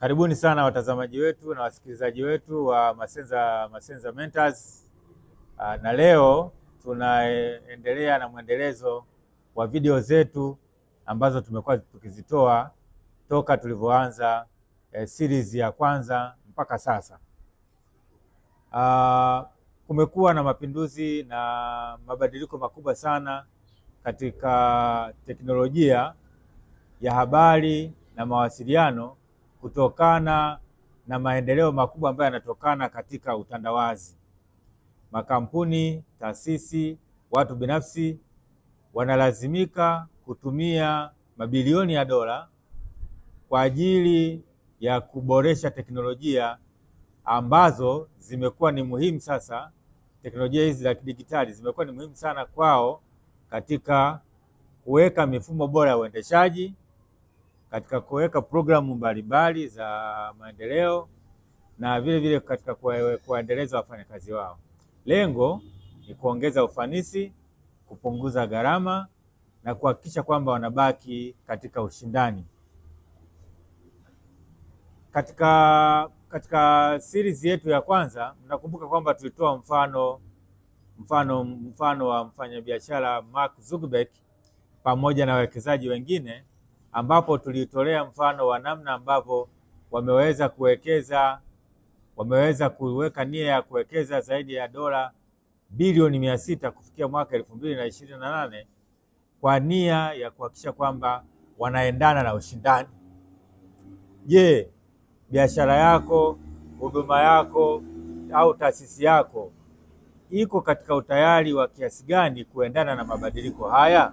Karibuni sana watazamaji wetu na wasikilizaji wetu wa Masenza, Masenza Mentors. Ah, na leo tunaendelea na mwendelezo wa video zetu ambazo tumekuwa tukizitoa toka tulivyoanza eh, series ya kwanza mpaka sasa. Uh, kumekuwa na mapinduzi na mabadiliko makubwa sana katika teknolojia ya habari na mawasiliano kutokana na maendeleo makubwa ambayo yanatokana katika utandawazi. Makampuni, taasisi, watu binafsi wanalazimika kutumia mabilioni ya dola kwa ajili ya kuboresha teknolojia ambazo zimekuwa ni muhimu sasa. Teknolojia hizi za kidigitali zimekuwa ni muhimu sana kwao katika kuweka mifumo bora ya uendeshaji katika kuweka programu mbalimbali za maendeleo na vile vile katika kuwaendeleza wafanyakazi wao. Lengo ni kuongeza ufanisi, kupunguza gharama na kuhakikisha kwamba wanabaki katika ushindani. Katika katika series yetu ya kwanza, mnakumbuka kwamba tulitoa mfano mfano mfano wa mfanyabiashara Mark Zuckerberg pamoja na wawekezaji wengine ambapo tulitolea mfano wa namna ambavyo wameweza kuwekeza wameweza kuweka nia ya kuwekeza zaidi ya dola bilioni mia sita kufikia mwaka elfu mbili na ishirini na nane kwa nia ya kuhakikisha kwamba wanaendana na ushindani. Je, biashara yako, huduma yako au taasisi yako iko katika utayari wa kiasi gani kuendana na mabadiliko haya?